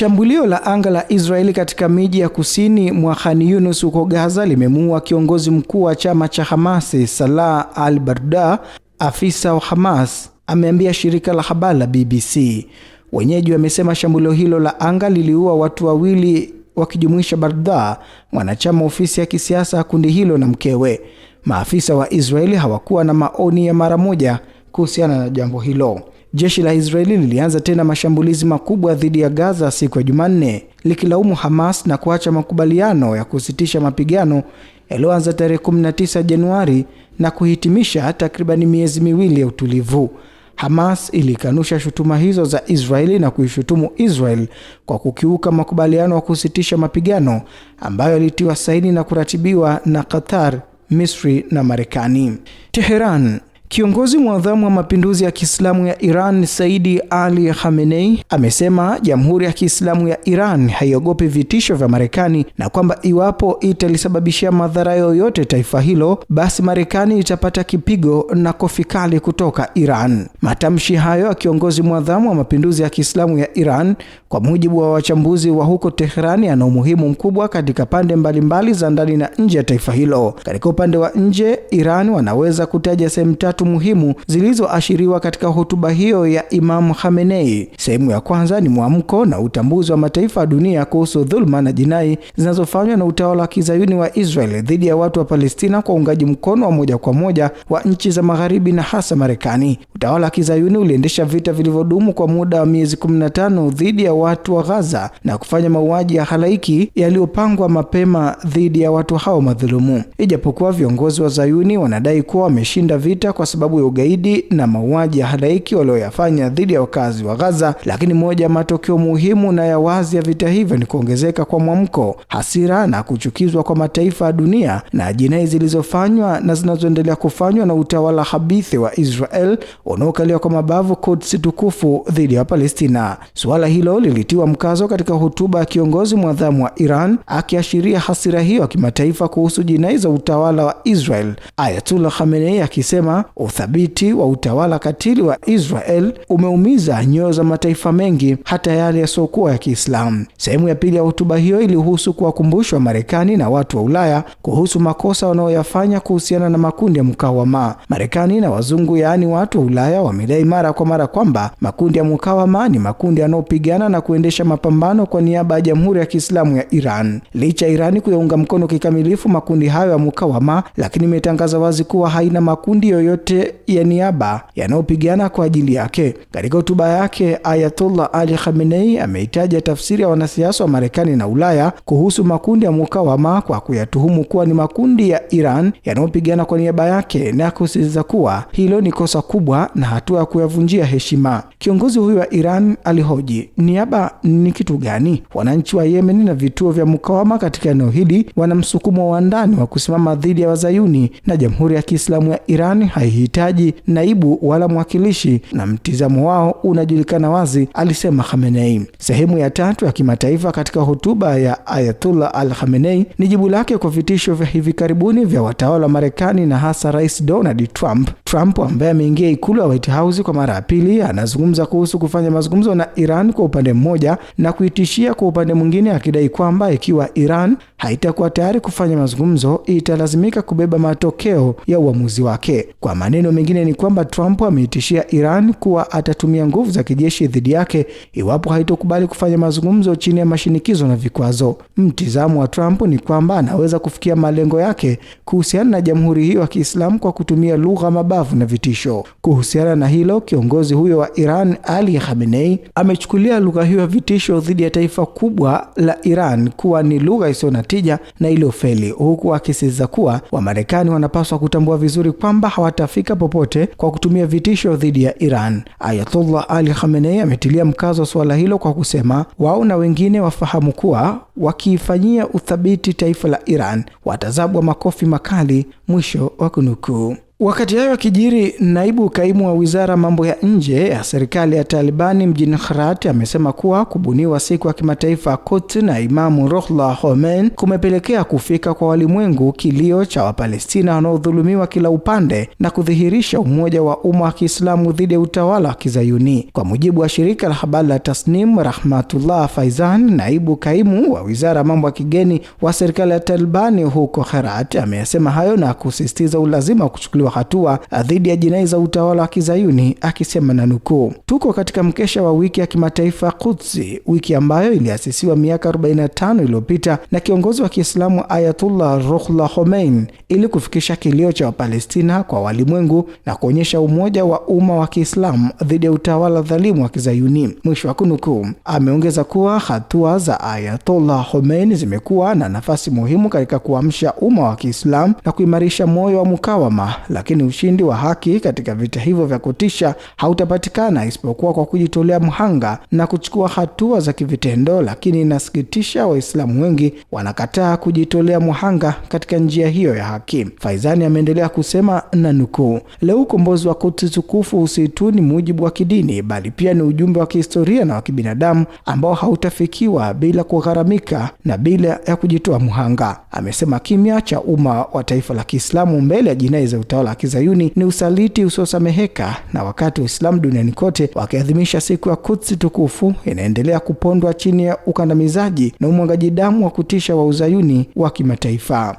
Shambulio la anga la Israeli katika miji ya kusini mwa Khan Yunus huko Gaza limemuua kiongozi mkuu wa chama cha Hamasi Salah al-Barda. Afisa wa Hamas ameambia shirika la habari la BBC. Wenyeji wamesema shambulio hilo la anga liliua watu wawili wakijumuisha Barda, mwanachama ofisi ya kisiasa ya kundi hilo na mkewe. Maafisa wa Israeli hawakuwa na maoni ya mara moja kuhusiana na jambo hilo. Jeshi la Israeli lilianza tena mashambulizi makubwa dhidi ya Gaza siku ya Jumanne, likilaumu Hamas na kuacha makubaliano ya kusitisha mapigano yaliyoanza tarehe 19 Januari na kuhitimisha takribani miezi miwili ya utulivu. Hamas ilikanusha shutuma hizo za Israeli na kuishutumu Israel kwa kukiuka makubaliano ya kusitisha mapigano ambayo yalitiwa saini na kuratibiwa na Qatar, Misri na Marekani. Teheran Kiongozi mwadhamu wa mapinduzi ya Kiislamu ya Iran Saidi Ali Khamenei amesema Jamhuri ya Kiislamu ya Iran haiogopi vitisho vya Marekani na kwamba iwapo italisababishia madhara yoyote taifa hilo, basi Marekani itapata kipigo na kofi kali kutoka Iran. Matamshi hayo ya kiongozi mwadhamu wa mapinduzi ya Kiislamu ya Iran, kwa mujibu wa wachambuzi wa huko Teherani, yana umuhimu mkubwa katika pande mbalimbali za ndani na nje ya taifa hilo. Katika upande wa nje, Iran wanaweza kutaja sehemu tatu tatu muhimu zilizoashiriwa katika hotuba hiyo ya Imam Khamenei. Sehemu ya kwanza ni mwamko na utambuzi wa mataifa ya dunia kuhusu dhulma na jinai zinazofanywa na utawala wa kizayuni wa Israel dhidi ya watu wa Palestina kwa uungaji mkono wa moja kwa moja wa nchi za magharibi na hasa Marekani. Utawala wa kizayuni uliendesha vita vilivyodumu kwa muda wa miezi 15 dhidi ya watu wa Gaza na kufanya mauaji ya halaiki yaliyopangwa mapema dhidi ya watu hao madhulumu. Ijapokuwa viongozi wa Zayuni wanadai kuwa wameshinda vita kwa sababu ya ugaidi na mauaji ya halaiki walioyafanya dhidi ya wakazi wa Gaza, lakini moja ya matokeo muhimu na ya wazi ya vita hivyo ni kuongezeka kwa mwamko, hasira na kuchukizwa kwa mataifa ya dunia na jinai zilizofanywa na zinazoendelea kufanywa na utawala habithi wa Israel unaokalia kwa mabavu Quds tukufu dhidi ya Palestina. Suala hilo lilitiwa mkazo katika hotuba ya kiongozi mwadhamu wa Iran akiashiria hasira hiyo ya kimataifa kuhusu jinai za utawala wa Israel, Ayatullah Khamenei akisema Uthabiti wa utawala katili wa Israel umeumiza nyoyo za mataifa mengi, hata yale yasiokuwa ya Kiislamu. Sehemu ya pili ya hotuba hiyo ilihusu kuwakumbushwa Marekani na watu wa Ulaya kuhusu makosa wanaoyafanya kuhusiana na makundi ya mukawama. Marekani na wazungu, yaani watu wa Ulaya, wamedai mara kwa mara kwamba makundi ya mukawama ni makundi yanayopigana na kuendesha mapambano kwa niaba ya Jamhuri ya Kiislamu ya Iran. Licha ya Irani kuyaunga mkono kikamilifu makundi hayo ya mukawama, lakini imetangaza wazi kuwa haina makundi yoyote yote ya niaba yanayopigana kwa ajili yake. Katika hotuba yake, Ayatollah Ali Khamenei ameitaja tafsiri ya wanasiasa wa Marekani na Ulaya kuhusu makundi ya mukawama kwa kuyatuhumu kuwa ni makundi ya Iran yanayopigana kwa niaba yake na kusisitiza kuwa hilo ni kosa kubwa na hatua ya kuyavunjia heshima. Kiongozi huyu wa Iran alihoji, niaba ni kitu gani? Wananchi wa Yemen na vituo vya mukawama katika eneo hili wana msukumo wa ndani wa kusimama dhidi ya wazayuni na Jamhuri ya Kiislamu ya Iran hai haihitaji naibu wala mwakilishi na mtizamo wao unajulikana wazi, alisema Khamenei. Sehemu ya tatu ya kimataifa katika hotuba ya Ayatullah al Khamenei ni jibu lake kwa vitisho vya hivi karibuni vya watawala wa Marekani na hasa Rais Donald Trump. Trump ambaye ameingia ikulu ya White House kwa mara ya pili anazungumza kuhusu kufanya mazungumzo na Iran kwa upande mmoja na kuitishia kwa upande mwingine, akidai kwamba ikiwa Iran haitakuwa tayari kufanya mazungumzo, italazimika kubeba matokeo ya uamuzi wake. Kwa maneno mengine, ni kwamba Trump ameitishia Iran kuwa atatumia nguvu za kijeshi dhidi yake iwapo haitokubali kufanya mazungumzo chini ya mashinikizo na vikwazo. Mtizamo wa Trump ni kwamba anaweza kufikia malengo yake kuhusiana na jamhuri hiyo ya Kiislamu kwa kutumia lugha mabavu na vitisho. Kuhusiana na hilo, kiongozi huyo wa Iran Ali Khamenei amechukulia lugha hiyo ya vitisho dhidi ya taifa kubwa la Iran kuwa ni lugha isiyo na tija na iliyofeli, huku akisisitiza kuwa Wamarekani wanapaswa kutambua vizuri kwamba hawatafika popote kwa kutumia vitisho dhidi ya Iran. Ayatollah Ali Khamenei ametilia mkazo wa suala hilo kwa kusema wao na wengine wafahamu kuwa wakiifanyia uthabiti taifa la Iran watazabwa makofi makali. Mwisho wa kunukuu. Wakati hayo akijiri, naibu kaimu wa wizara mambo ya nje ya serikali ya Talibani mjini Herat amesema kuwa kubuniwa siku ya kimataifa Quds na Imamu Ruhollah Khomeini kumepelekea kufika kwa walimwengu kilio cha Wapalestina wanaodhulumiwa kila upande na kudhihirisha umoja wa umma wa Kiislamu dhidi ya utawala wa Kizayuni. Kwa mujibu wa shirika la habari la Tasnim, Rahmatullah Faizan, naibu kaimu wa wizara mambo ya kigeni wa serikali ya Talibani huko Herat, ameyasema hayo na kusisitiza ulazima wa kuchukuliwa kuchukuliwa hatua ah, dhidi ya jinai za utawala wa Kizayuni, akisema na nukuu, tuko katika mkesha wa wiki ya kimataifa Kudsi, wiki ambayo iliasisiwa miaka 45 iliyopita na kiongozi wa Kiislamu Ayatullah Ruhollah Khomeini ili kufikisha kilio cha Wapalestina kwa walimwengu na kuonyesha umoja wa umma wa Kiislamu dhidi ya utawala dhalimu wa Kizayuni, mwisho wa kunukuu. Ameongeza kuwa hatua za Ayatollah Khomeini zimekuwa na nafasi muhimu katika kuamsha umma wa Kiislamu na kuimarisha moyo wa mukawama la lakini ushindi wa haki katika vita hivyo vya kutisha hautapatikana isipokuwa kwa kujitolea mhanga na kuchukua hatua za kivitendo. Lakini inasikitisha, Waislamu wengi wanakataa kujitolea mhanga katika njia hiyo ya haki. Faizani ameendelea kusema na nukuu, leo ukombozi wa Quds tukufu si tu ni mujibu wa kidini, bali pia ni ujumbe wa kihistoria na wa kibinadamu ambao hautafikiwa bila kugharamika na bila ya kujitoa mhanga, amesema. Kimya cha umma wa taifa la Kiislamu mbele ya jinai za utawala la kizayuni ni usaliti usiosameheka. Na wakati Waislamu duniani kote wakiadhimisha siku ya kutsi tukufu, inaendelea kupondwa chini ya ukandamizaji na umwagaji damu wa kutisha wa uzayuni wa kimataifa.